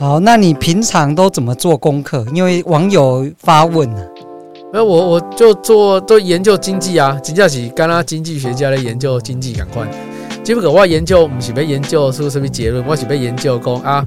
好，oh, 那你平常都怎麼做功課？因為網友發問啊。那我我就做都研究經濟啊，主要是跟那經濟學家來研究經濟感官。結果我研究不是被研究出什麼結論，我是被研究說啊，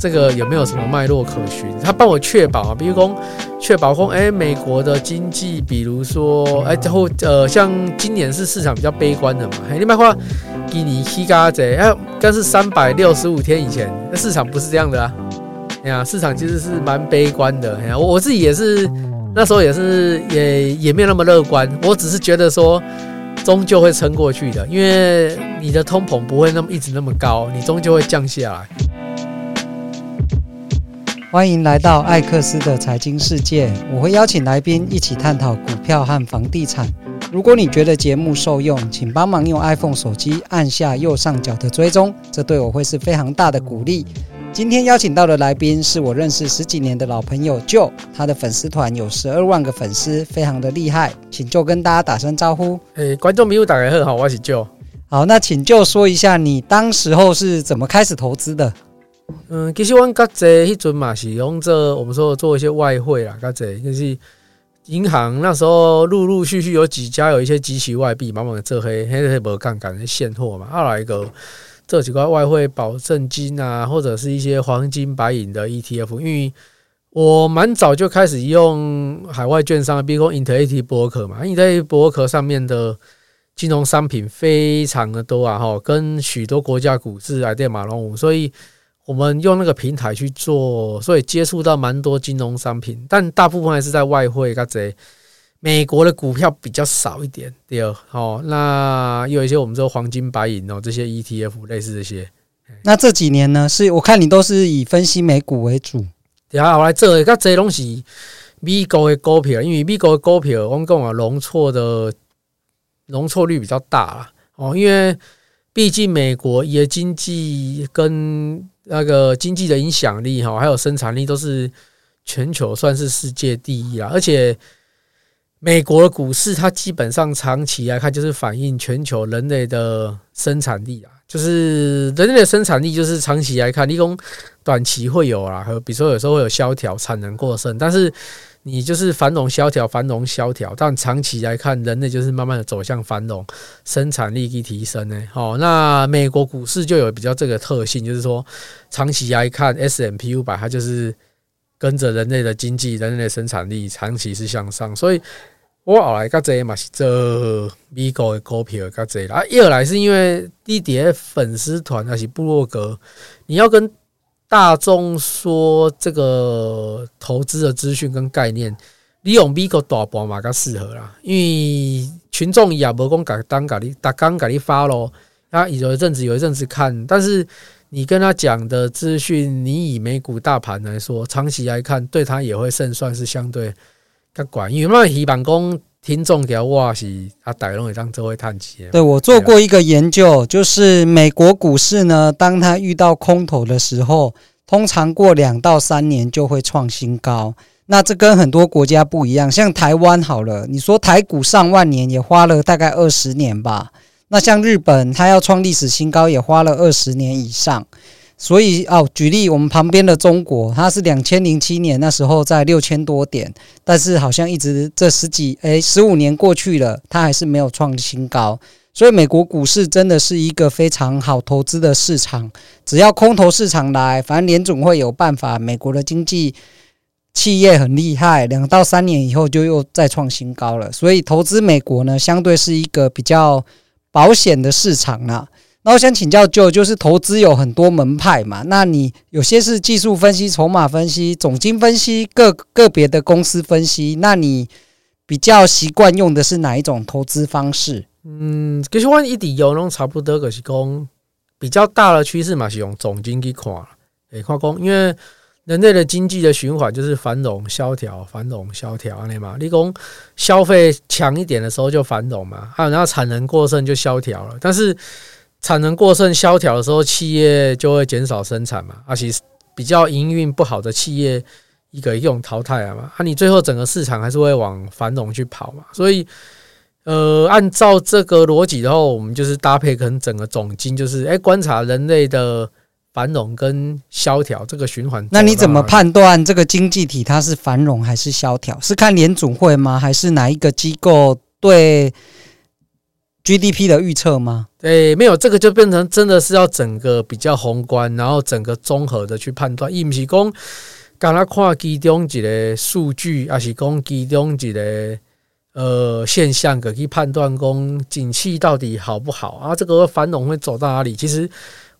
這個有沒有什麼脈絡可循？他幫我確保啊，比如說確保說、欸、美國的經濟，比如說，誒、欸，最後呃，像今年是市場比較悲觀的嘛。另外話，基尼希嘎子，哎、啊，但是三百六十五天以前，那市場不是這樣的啊。呀，市場其實是蠻悲觀的。呀，我我自己也是，那時候也是，也也沒有那麼樂觀。我只是覺得說，終究會撐過去的，因為你的通膨不會那麼一直那麼高，你終究會降下來。歡迎來到艾克斯的財經世界，我會邀請來賓一起探討股票和房地產。如果你覺得節目受用，請幫忙用 iPhone 手機按下右上角的追蹤，這對我會是非常大的鼓勵。今天邀請到的來賓是我認識十幾年的老朋友 Joe，他的粉絲團有十二萬個粉絲，非常的厲害，請 Joe 跟大家打聲招呼。哎、欸，觀眾朋友大家好，我是 Joe。好，那請 Joe 說一下你當時候是怎麼開始投資的？嗯，其實我准用這我們說做一些外匯，就是銀行那時候陸陸續續有幾家有一些集齊外幣，慢慢的做黑無槓桿的現貨嘛，二來個。這幾塊外匯保證金啊，或者是一些黃金、白銀的 ETF，因為我蠻早就開始用海外券商，比如說 Interactive Broker 嘛，Interactive Broker 上面的金融商品非常的多啊，哈，跟許多國家股市啊對馬龍五，所以我們用那個平台去做，所以接觸到蠻多金融商品，但大部分還是在外匯，個子。美國的股票比較少一點，對啊，哦，那有一些我們說黃金、白銀哦，這些 ETF 類似這些。那這幾年呢，是我看你都是以分析美股為主。對啊，我來做一個這東西，美國的股票，因為美國的股票，我們講啊，容錯的容錯率比較大啦。哦，因為畢竟美國的經濟跟那個經濟的影響力哈，還有生產力都是全球算是世界第一啊，而且。美國的股市，它基本上長期來看就是反映全球人類的生產力啊，就是人類的生產力，就是長期來看，你講短期會有啊，比如說有時候會有蕭條、產能過剩，但是你就是繁榮、蕭條、繁榮、蕭條，但長期來看，人類就是慢慢的走向繁榮，生產力一提升呢，好，那美國股市就有比較這個特性，就是說長期來看，S&P 500，它就是。跟着人類的經濟，人類的生產力長期是向上，所以我後來較濟嘛是做美國的股票較濟啦。啊，一來是因為你在咧粉絲團還是部落格？你要跟大眾說這個投資的資訊跟概念，你用美國大盤嘛較適合啦，因為群眾也無講講當講的，打剛講的發咯。啊，有一陣子有一陣子看，但是。你跟他講的資訊，你以美股大盤來說，長期來看，對他也會勝算是相對更管用。有沒有眾、啊？工聽眾講話是，他大動一張周圍探奇。對，我做過一個研究，就是美國股市呢，當他遇到空頭的時候，通常過兩到三年就會創新高。那這跟很多國家不一樣，像台灣好了，你說台股上萬年也花了大概二十年吧。那像日本，它要創歷史新高也花了二十年以上，所以哦，舉例我們旁邊的中國，它是兩千零七年那時候在六千多點，但是好像一直這十幾哎十五年過去了，它還是沒有創新高。所以美國股市真的是一個非常好投資的市場，只要空頭市場來，反正聯準會有辦法。美國的經濟企業很厲害，兩到三年以後就又再創新高了。所以投資美國呢，相對是一個比較。保險的市場啊，那我想請教就，就是投資有很多門派嘛，那你有些是技術分析、籌碼分析、總經分析、個個別的公司分析，那你比較習慣用的是哪一種投資方式？嗯，其實我一點有那差不多，可是講比較大的趨勢嘛，是用總經去看，哎，化工，因為。人類的經濟的循環就是繁榮、蕭條、繁榮、蕭條，你內嘛。你說消費強一點的時候就繁榮嘛，還有然後產能過剩就蕭條了。但是產能過剩蕭條的時候，企業就會減少生產嘛，而且比較營運不好的企業一個一個淘汰了嘛。啊，你最後整個市場還是會往繁榮去跑嘛。所以，呃，按照這個邏輯的話，我們就是搭配可能整個總經就是哎觀察人類的。繁榮跟蕭條這個循環，那你怎麼判斷這個經濟體它是繁榮還是蕭條？是看聯準會嗎？還是哪一個機構對 GDP 的預測嗎？對，沒有這個就變成真的是要整個比較宏觀，然後整個綜合的去判斷，也不是講剛才看其中一個數據，還是講其中一個呃現象去判斷說景氣到底好不好啊？這個繁榮會走到哪裡？其實。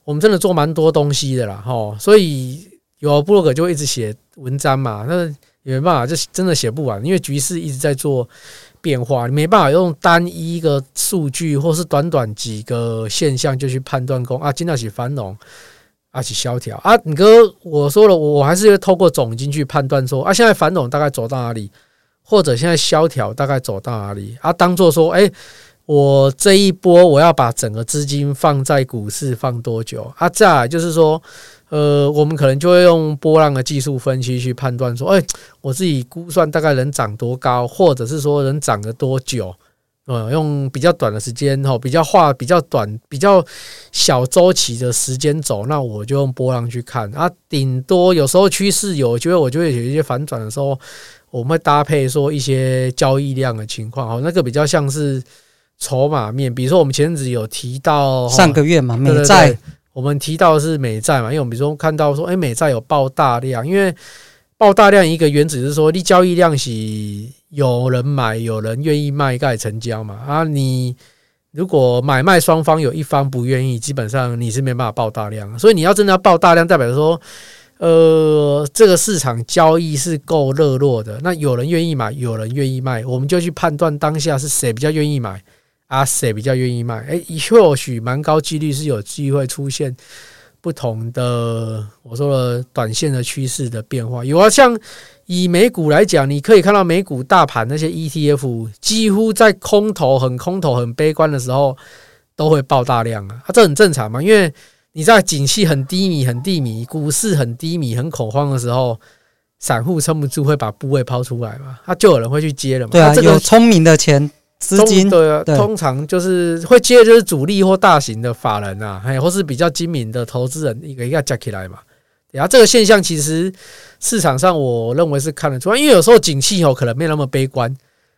我們真的做蠻多東西的啦，吼，所以有部落格就會一直寫文章嘛，那也沒辦法，就真的寫不完，因為局勢一直在做變化，你沒辦法用單一個數據或是短短幾個現象就去判斷過啊，今天是繁榮，還是蕭條啊？你哥我說了，我還是會透過總經去判斷說啊，現在繁榮大概走到哪裡，或者現在蕭條大概走到哪裡啊？當做說，哎。我這一波我要把整個資金放在股市放多久？啊，這樣就是說，呃，我們可能就會用波浪的技術分析去判斷說，哎，我自己估算大概能漲多高，或者是說能漲了多久？呃，用比較短的時間哈，比較畫比較短，比較小周期的時間走，那我就用波浪去看。啊，頂多有時候趨勢有機會，就會我就會有一些反轉的時候，我們會搭配說一些交易量的情況，哦，那個比較像是。籌碼面，比如說我們前陣子有提到上個月嘛，美債，我們提到是美債嘛，因為我們比如說看到說，哎，美債有爆大量，因為爆大量一個原則是說，你交易量是有人買，有人願意賣，才成交嘛。啊，你如果買賣雙方有一方不願意，基本上你是沒辦法爆大量。所以你要真的要爆大量，代表說，呃，這個市場交易是夠熱絡的，那有人願意買，有人願意賣，我們就去判斷當下是誰比較願意買。阿 Sir、啊、比較願意賣，誒或許蠻高幾率是有機會出現不同的，我說的短線的趨勢的變化。有啊，像以美股來講，你可以看到美股大盤那些 ETF 幾乎在空頭很空頭很悲觀的時候都會爆大量啊，啊，它這很正常嘛，因為你在景氣很低迷很低迷，股市很低迷很恐慌的時候，散戶撐不住會把部位拋出來嘛、啊，它就有人會去接了嘛，對啊，啊這個有聰明的錢。資資金對、啊，對 通常就是會接，就是主力或大型的法人啊，或是比較精明的投資人一個一個加起來嘛。然後這個現象其實市場上我認為是看得出來，因為有時候景氣哦可能沒那麼悲觀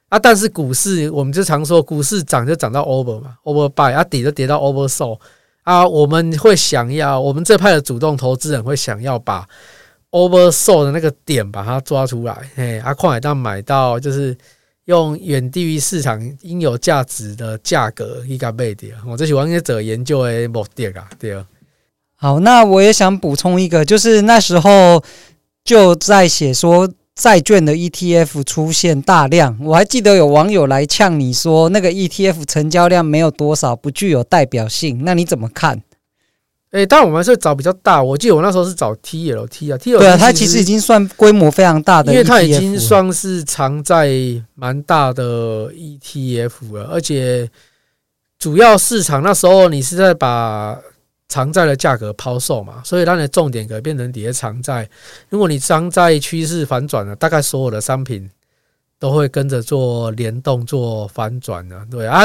啊。但是股市我們就常說股市漲就漲到 over 嘛，over buy 啊，跌就跌到 over sell 啊。我們會想要我們這派的主動投資人會想要把 over sell 的那個點把它抓出來，哎，阿礦海蛋買到就是。用遠低於市場應有價值的價格，應該賣掉。我這是王學者研究的目的啊，對啊。好，那我也想補充一個，就是那時候就在寫說債券的 ETF 出現大量，我還記得有網友來嗆你說，那個 ETF 成交量沒有多少，不具有代表性。那你怎麼看？哎，但、欸、我們是找比較大。我記得我那時候是找 TLT 啊，TLT 對啊，它其實已經算規模非常大的，因為它已經算是長債蠻大的 ETF 了，而且主要市場那時候你是在把長債的價格拋售嘛，所以讓你的重點可變成底下長債。如果你長債趨勢反轉了，大概所有的商品都會跟着做聯動做反轉了，對啊。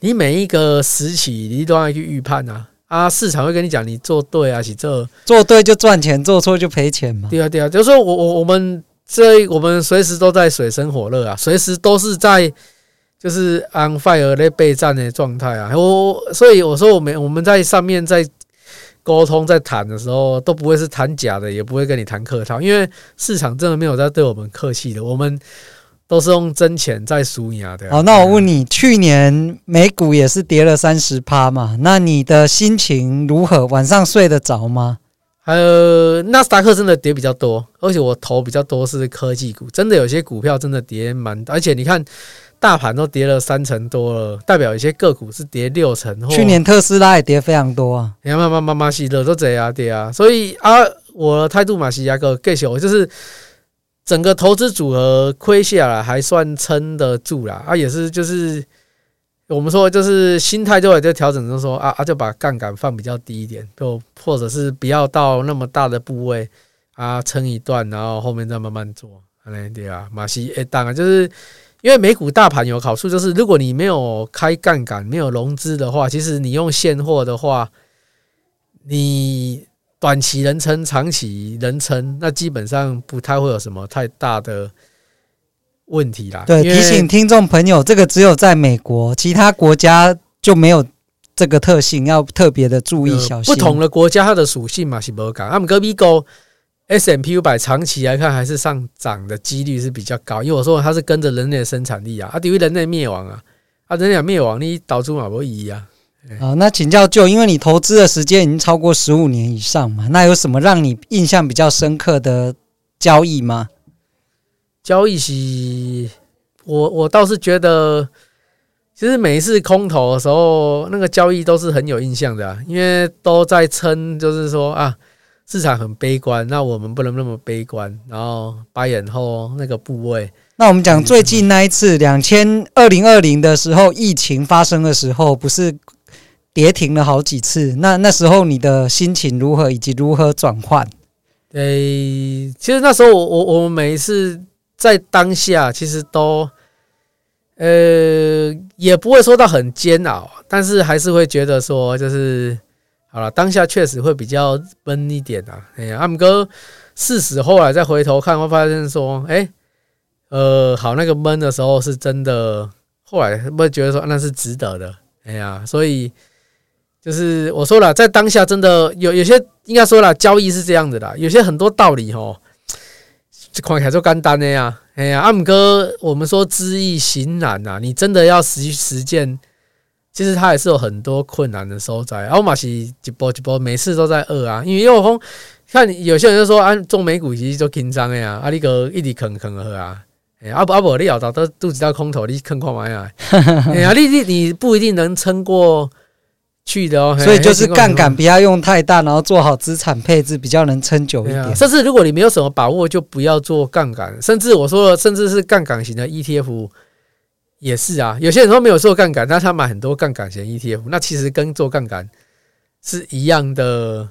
你每一個時期，你都要去預判吶。啊，啊，市場會跟你講，你做對，是做對啊，起這做對就賺錢，做錯就賠錢嘛。對啊，對啊。就是說，我我我們這，我們隨時都在水深火熱啊，隨時都是在就是 on fire 的備戰的狀態啊。我所以我說，我們我們在上面在溝通在談的時候，都不會是談假的，也不會跟你談客套，因為市場真的沒有在對我們客氣的，我們。都是用真錢在輸你啊，對。好，那我問你，去年美股也是跌了三十趴嘛？那你的心情如何？晚上睡得着嗎？呃，納斯達克真的跌比較多，而且我投比較多是科技股，真的有些股票真的跌蠻多。而且你看，大盤都跌了三成多了，代表一些個股是跌六成。去年特斯拉也跌非常多啊，你看，媽媽媽媽西的都這樣跌啊，所以啊，我態度嘛，西哥更小，我就是。整個投資組合虧下來還算撐得住啦，啊也是就是我們說就是心態就也就調整，就是說啊啊就把槓桿放比較低一點，就或者是不要到那麼大的部位啊撐一段，然後後面再慢慢做，哎對啊，馬西哎當然就是因為美股大盤有好處，就是如果你沒有開槓桿、沒有融資的話，其實你用現貨的話，你。短期人稱長期人稱那基本上不太會有什麼太大的問題啦。對，提醒聽眾朋友，這個只有在美國，其他國家就沒有這個特性，要特別的注意小心。不同的國家它的屬性嘛是不一樣，但美國 S&P500 長期來看還是上漲的幾率是比較高，因為我說它是跟着人類的生產力啊，它對於人類滅亡啊，它、啊、人類滅亡你導致嘛沒意義啊。好，那請教 Joe，因為你投資的時間已經超過十五年以上嘛，那有什麼讓你印象比較深刻的交易嗎？交易是，我我倒是覺得，其實每一次空頭的時候，那個交易都是很有印象的、啊，因為都在撐，就是說啊，市場很悲觀，那我們不能那麼悲觀，然後 buy 然後那個部位，那我們講最近那一次兩千二零二零的時候，疫情發生的時候，不是。跌停了好幾次，那那時候你的心情如何，以及如何轉換？哎、欸，其實那時候我我，我每一次在當下，其實都呃、欸、也不會說到很煎熬，但是還是會覺得說，就是好了，當下確實會比較悶一點啊。哎呀、啊，阿姆哥事實後來再回頭看，會發現說，哎、欸，呃，好，那個悶的時候是真的，後來會覺得說那是值得的。哎呀、啊，所以。就是我說了，在當下真的有有些應該說了，交易是這樣的啦，有些很多道理吼，這看起來就簡單的呀。哎呀，阿姆哥，我們說知易行難吶、啊，你真的要實際實踐，其實它也是有很多困難的所在。阿馬是一波一波，每次都在餓啊，因為又紅。看有些人就說、啊，做美股其實都緊張的呀，阿力一直啃啃就好啊，哎阿布阿布，你咬到都肚子空頭，你啃看看、啊啊、你不一定能撐過，去的哦，所以就是槓桿不要用太大，然後做好資產配置比較能撐久一點。甚至如果你沒有什麼把握，就不要做槓桿。甚至我說甚至是槓桿型的 ETF 也是啊。有些人他沒有做槓桿，但他買很多槓桿型 ETF，那其實跟做槓桿是一樣的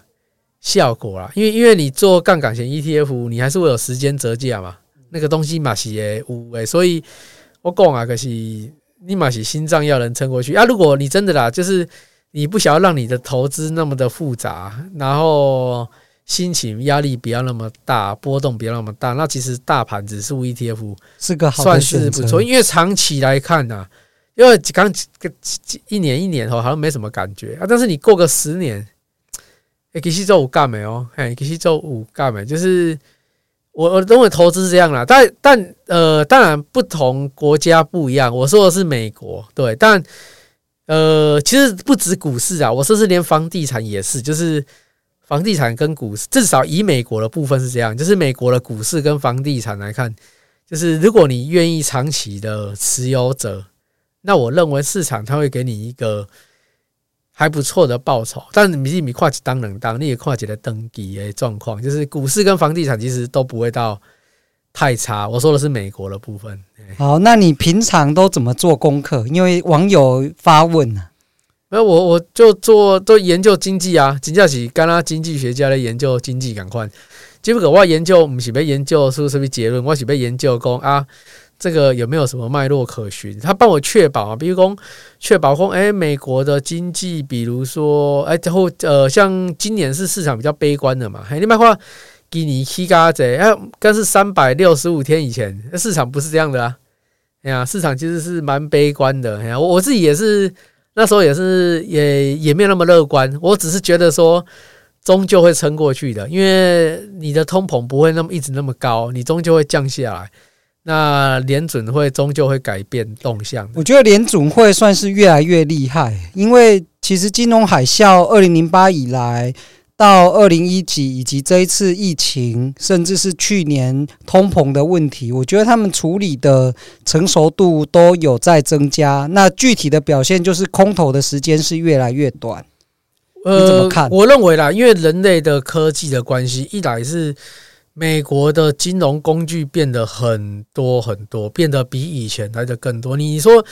效果啦。因為因為你做槓桿型 ETF，你還是會有時間折價嘛，那個東西嘛，是哎，所以我講啊，就是你嘛是心臟要能撐過去啊。如果你真的啦，就是。你不想要讓你的投資那麼的複雜，然後心情壓力不要那麼大，波動不要那麼大。那其實大盤指數 ETF，是個好，算是不錯，因為長期來看呢、啊，因為剛一年一年哦，好像沒什麼感覺啊。但是你過個十年，誒、欸，其實可惜周五干沒哦？誒、欸，可惜周五干沒？就是我我認為投資是這樣啦。但但呃，當然不同國家不一樣。我說的是美國，對，但。呃，其實不止股市啊，我甚至連房地產也是，就是房地產跟股市，至少以美國的部分是這樣，就是美國的股市跟房地產來看，就是如果你願意長期的持有者，那我認為市場它會給你一個還不錯的報酬，但你不是看一年兩年，你可以看一個長期的狀況，就是股市跟房地產其實都不會到太差！我說的是美國的部分。好，那你平常都怎麼做功課？因為網友發問呢、啊。那我我就做都研究經濟啊，經濟是跟拉經濟學家來研究經濟板塊。結果我研究不是要研究出什麼結論？我是要研究說啊？這個有沒有什麼脈絡可循？他幫我確保、啊，比如講確保講，誒、欸，美國的經濟，比如說，誒、欸，然後呃，像今年是市場比較悲觀的嘛。欸基尼氣咖子，哎，更、啊、是三百六十五天以前，市場不是這樣的啊！呀、啊，市場其實是蠻悲觀的。呀、啊，我自己也是那時候也是也也沒有那麼樂觀，我只是覺得說終究會撐過去的，因為你的通膨不會那麼一直那麼高，你終究會降下來。那聯準會終究會改變動向。我覺得聯準會算是越來越厲害，因為其實金融海嘯二零零八以來。到二零一幾以及這一次疫情，甚至是去年通膨的問題，我覺得他們處理的成熟度都有在增加。那具體的表現就是空頭的時間是越來越短。呃，你怎麼看？呃，我認為啦，因為人類的科技的關係，一來是美國的金融工具變得很多很多，變得比以前來的更多。你說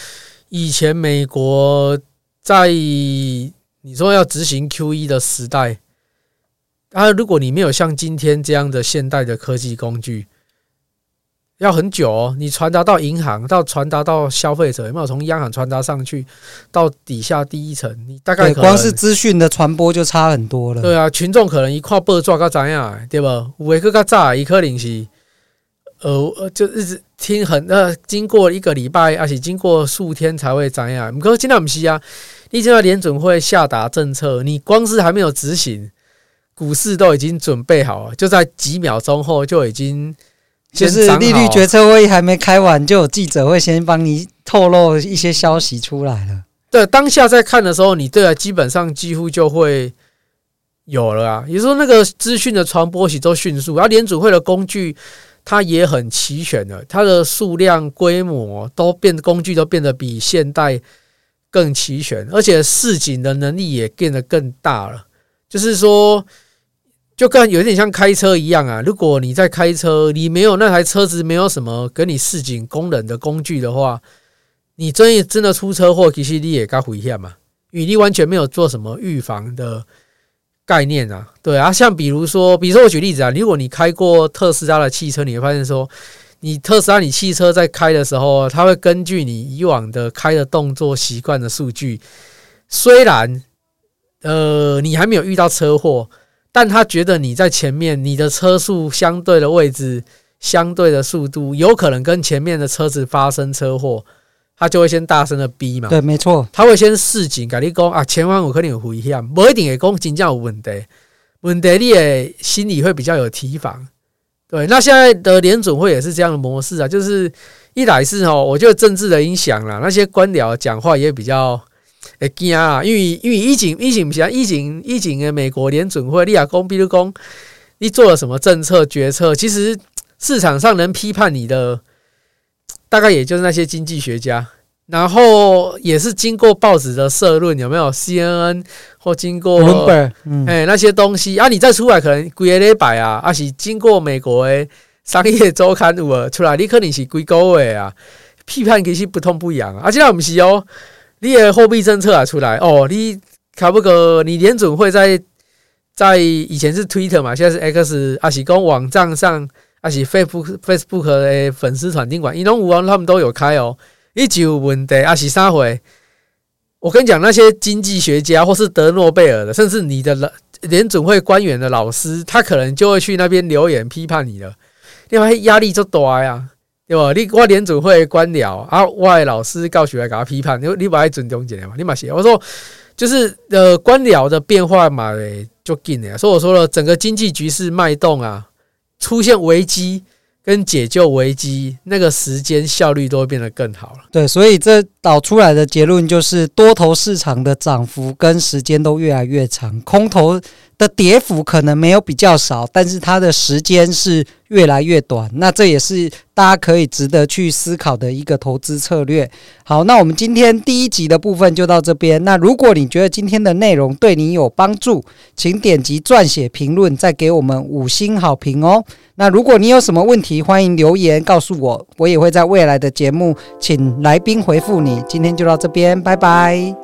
以前美國在你說要執行 QE 的時代。啊！如果你沒有像今天這樣的現代的科技工具，要很久哦。你傳達到銀行，到傳達到消費者，有沒有從央行傳達上去到底下第一層？你大概可光是資訊的傳播就差很多了。對啊，群眾可能一塊幣賺個怎樣？對吧，五塊錢個炸一顆零息，呃，就一直聽很呃，經過一個禮拜，而且經過數天才會怎樣。不過今天不吸啊？你知道聯準會下達政策，你光是還沒有執行。股市都已經準備好了，就在幾秒鐘後就已經就是利率決策會議還沒開完，就有記者會先幫你透露一些消息出來了。對，當下在看的時候，你對、啊、基本上幾乎就會有了啊。也就是說，那個資訊的傳播節都迅速，然後聯準會的工具它也很齊全的，它的數量規模都變，工具都變得比現代更齊全，而且市井的能力也變得更大了。就是說。就跟有點像開車一樣啊，如果你在開車，你沒有那台車子，沒有什麼給你示警功能的工具的話，你真的真的出車禍，其實你也該回一下嘛，因為你完全沒有做什麼預防的概念啊。對啊，像比如說，比如說我舉例子啊，如果你開過特斯拉的汽車，你會發現說，你特斯拉你汽車在開的時候，它會根據你以往的開的動作習慣的數據，雖然呃，你還沒有遇到車禍。但他覺得你在前面，你的車速相對的位置、相對的速度，有可能跟前面的車子發生車禍，他就會先大聲的逼嘛。對，沒錯，他會先示警，跟你講啊，前方有可能有危險，不一定會講真的有問題，問題你的心裡會比較有提防。對，那現在的聯準會也是這樣的模式啊，就是一來是哦、喔，我覺得政治的影響啦，那些官僚講話也比較。會驚啊，因為因為疫情，疫情不是疫情，疫情的美國聯準會，你若講，比如講，你做了什麼政策決策，其實市場上能批判你的，大概也就是那些經濟學家，然後也是經過報紙的社論有沒有 CNN 或經過，哎、嗯欸、那些東西啊，你再出來可能幾個禮拜啊，啊是經過美國的商業周刊有無出來，你可能是幾個月啊，批判其實不痛不癢啊，啊，現在不是哦、喔。你的貨幣政策啊出來哦，你可不可你聯準會在在以前是 Twitter 嘛，現在是 X，阿是跟網站上阿是 Facebook Facebook 的粉絲團訂閱，伊攏有啊，他們都有開哦、喔。伊就問題阿是三回，我跟你講，那些經濟學家或是得諾貝爾的，甚至你的聯準會官員的老師，他可能就會去那邊留言批判你了，因為壓力就大呀、啊。對吧？你我聯主會官僚，啊，我的老師告訴來給他批判，你說你不還尊重點的嘛？你嘛寫我說就是呃官僚的變化嘛，就進了所以我說了，整個經濟局勢脈動啊，出現危機跟解救危機，那個時間效率都會變得更好了。對，所以這導出來的結論就是，多頭市場的漲幅跟時間都越來越長，空頭的跌幅可能沒有比較少，但是它的時間是。越來越短，那這也是大家可以值得去思考的一個投資策略。好，那我們今天第一集的部分就到這邊。那如果你覺得今天的內容對你有幫助，請點擊撰寫評論，再給我們五星好評哦。那如果你有什麼問題，歡迎留言告訴我，我也會在未來的節目請來賓回復你。今天就到這邊，拜拜。